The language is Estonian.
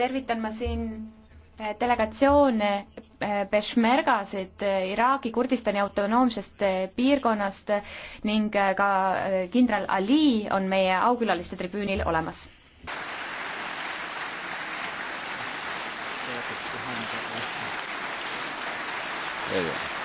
tervitan ma siin äh, delegatsioone äh, Peshmergasid äh, Iraagi Kurdistani autonoomsest piirkonnast ning ka kindral Ali on meie aukülaliste tribüünil olemas. There you are.